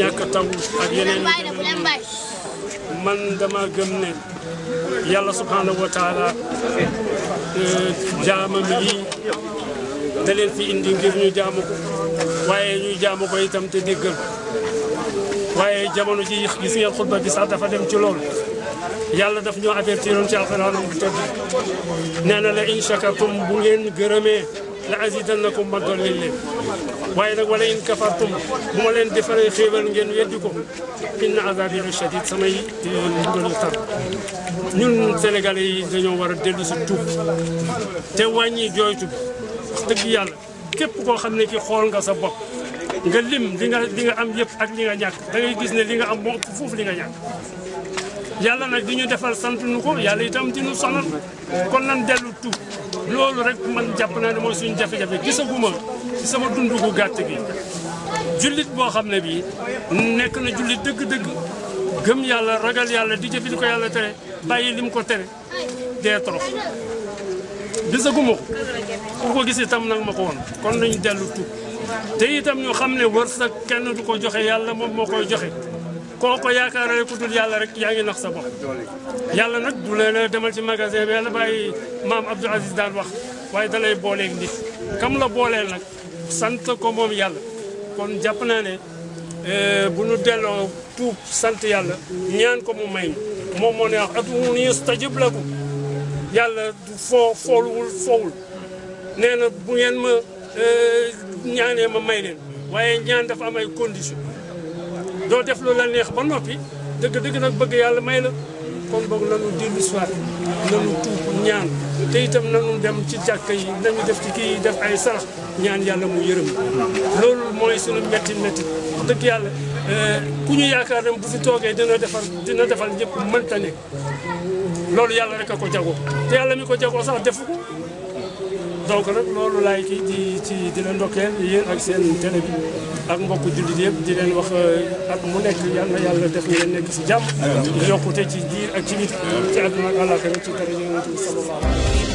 ñàkk a taw ak yeneen man dama gëm ne yàlla subhanahu wa taala jaamam yi da leen fi indi ngir ñu jaamu ko waaye ñuy jaamu ko itam te déggal waaye jamono ji gis ngeen xutba bi sax dafa dem ci loolu yàlla daf ñoo avertiroon ci alxuraanam bu tëdd nee la in shakartum bu ngeen gërëmee la azidannakum ma waaye nag wala in kafartum bu ma leen defaree xéewal ngeen weddi ko inna azabi eh, la shadid samay mbugal tar ñun sénégalais yi dañoo war a dellu si tuub te wàññi jooytu bi wax yàlla képp koo xam ne ki xool nga sa bopp nga lim li nga am yëpp ak li nga ñàkk da gis ne li nga am moo foofu li nga ñàkk yàlla nag di ñu defal sant nu ko yàlla itam di ñu sonal kon nan dellu tu loolu rek man jàpp naa ne mooy suñ jafe-jafe gisaguma ci sama dund gu gàtt gi jullit boo xam ne bii nekk na jullit dëgg-dëgg gëm yàlla ragal yàlla di jëfi di ko yàlla tere bàyyi lim ko tere dee torof gisaguma ko ku ko gis tam nag ma ko woon kon nañu dellu tuub te itam ñu xam ne wërsëg kenn du ko joxe yàlla moom moo koy joxe kooko yaakaarale ku dul yàlla rek yaa ngi nax sa bopp yàlla nag du la demal ci magasin bi yàlla bàyyi maam Abdou Aziz daal wax waaye dalay booleek nit kam la booleel nag sant ko moom yàlla kon jàpp naa ne e, bu ñu delloo tuub sant yàlla ñaan ko mu may moom moo ne wax ud'uunii astajib lakum yàlla du foo fooluwul foowul nee na bu ngeen ma e, ñaanee ma may leen waaye ñaan dafa am ay condition doo def lu la neex ba noppi dëgg dëgg nag bëgg yàlla may na kon boog nanu dellu soit nanu tuub ñaan te na nanu dem ci jàkka yi nañu def ci kii def ay sarax ñaan yàlla mu yërëm loolu mooy suñu métti métti dëgg yàlla eh, ku ñu yaakaar ne bu fi toogee dina defal dina defal ñëpp mënta nekk loolu yàlla rek a ko jagoo te yàlla mi ko jagoo sax defu donc nag loolu laay kii di ci di leen ndokkeel yéen ak seen télé bi ak mbokk jullit yëpp di leen wax euh, ak mu nekk yal na yàlla def ngeen nekk si jàmm. yokkute ci diir ak ci nit ci àdduna ak àllaaxira ci dara yonent bi sallallahu